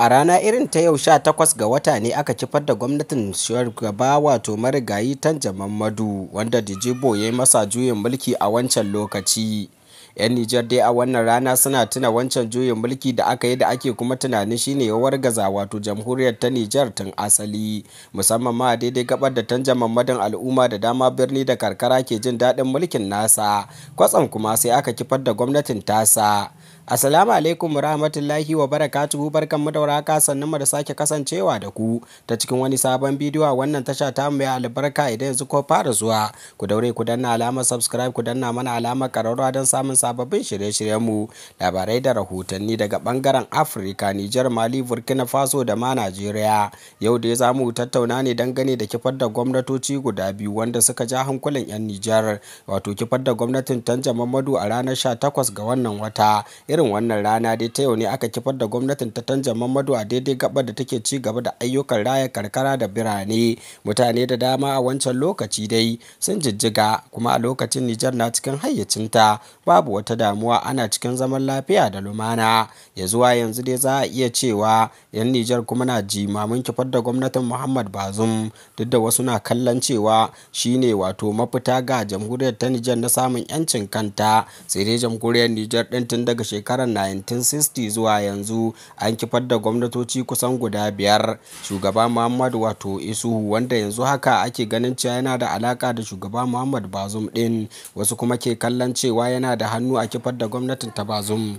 a rana irin ta yau 18 ga wata ne aka kifar da gwamnatin shugaba wato marigayi jaman madu wanda dijibo ya yi masa juyin mulki a wancan lokaci 'yan nijar dai a wannan rana suna tuna wancan juyin mulki da aka yi da ake kuma tunanin shine ya wargaza wato jamhuriyar ta nijar tun asali musamman ma daidai gabar da jaman madin al'umma da dama birni da karkara ke jin daɗin mulkin nasa kwatsam kuma sai aka kifar da gwamnatin tasa Asalamu alaikum rahmatullahi wa barakatuhu mu da sannan mu da sake kasancewa da ku ta cikin wani sabon bidiyo a wannan tasha ta mai albarka idan yanzu ko fara zuwa ku daure ku danna alamar subscribe ku danna mana alamar kararrawa don samun sababbin shirye mu labarai da rahotanni daga bangaren Afirka Nijar Mali Burkina Faso da ma Najeriya yau dai za mu tattauna ne dangane da kifar da gwamnatoci guda biyu wanda suka ja hankulan 'yan Nijar wato kifar da gwamnatin Tanja Mamadu a ranar 18 ga wannan wata irin wannan rana dai ta yau ne aka kifar da gwamnatin ta tanja mamadu a daidai gabar da take ci gaba da ayyukan raya karkara da birane mutane da dama a wancan lokaci dai sun jijjiga kuma a lokacin nijar na cikin hayyacinta babu wata damuwa ana cikin zaman lafiya da lumana ya zuwa yanzu dai za a iya cewa yan nijar kuma na jimamin kifar da gwamnatin muhammad bazum duk da wasu na kallon cewa shine wato mafita ga jamhuriyar ta nijar na samun yancin kanta sai dai jamhuriyar nijar din tun daga shekaru shekarar 1960 zuwa yanzu an kifar da gwamnatoci kusan guda biyar. Shugaba Muhammadu wato Isuhu wanda yanzu haka ake ganin cewa yana da alaka da shugaba Muhammad bazum din wasu kuma ke kallon cewa yana da hannu a kifar da gwamnatin ta bazum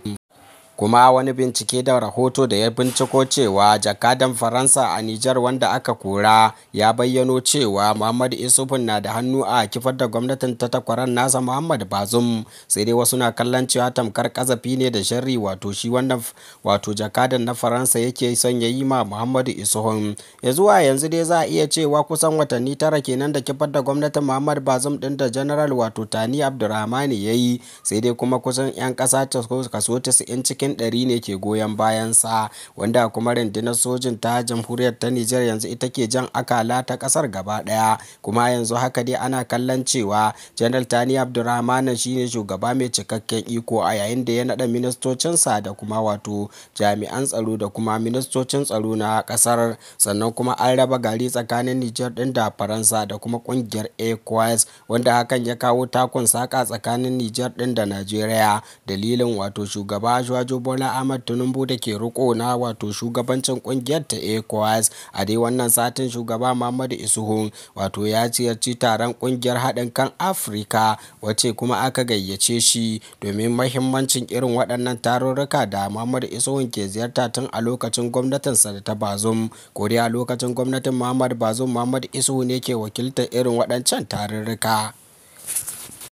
kuma wani bincike da rahoto da ya binciko cewa jakadan faransa a nijar wanda aka kora ya bayyano cewa muhammad Isufin na da hannu a kifar da gwamnatin ta takwaran nasa muhammad bazum sai dai wasu na kallon cewa tamkar kazafi ne da sharri wato shi wannan wato jakadan na faransa yake son ya yi ma muhammad Isufin, ya zuwa yanzu dai za a iya cewa kusan watanni tara kenan da kifar da gwamnatin muhammad bazum din da general wato tani abdurrahmani ya yi sai dai kuma kusan 'yan kasa kaso 90 cikin cikin ɗari ne ke goyon bayansa wanda kuma rundunar sojin ta jamhuriyar ta Nijar yanzu ita ke jan akala ta ƙasar gaba ɗaya kuma yanzu haka dai ana kallon cewa General Tani Abdurrahman shine shugaba mai cikakken iko a yayin da ya naɗa ministocinsa da kuma wato jami'an tsaro da kuma ministocin tsaro na ƙasar sannan kuma an raba gari tsakanin Nijar ɗin da Faransa da kuma ƙungiyar ECOWAS wanda hakan ya kawo takun saƙa tsakanin Nijar ɗin da Najeriya dalilin wato shugaba Jojo Bola Ahmad Tinubu da ke riko na wato shugabancin kungiyar ta ECOWAS a dai wannan satin shugaba Muhammadu Isuhu wato ya ziyarci taron kungiyar haɗin kan Afirka wace kuma aka gayyace shi domin mahimmancin irin waɗannan tarurruka da Muhammadu Isuhu ke ziyarta tun a lokacin gwamnatinsa da ta Bazum ko dai a lokacin gwamnatin Muhammadu Bazum Muhammadu Isuhu ne ke wakiltar irin waɗancan tarurruka.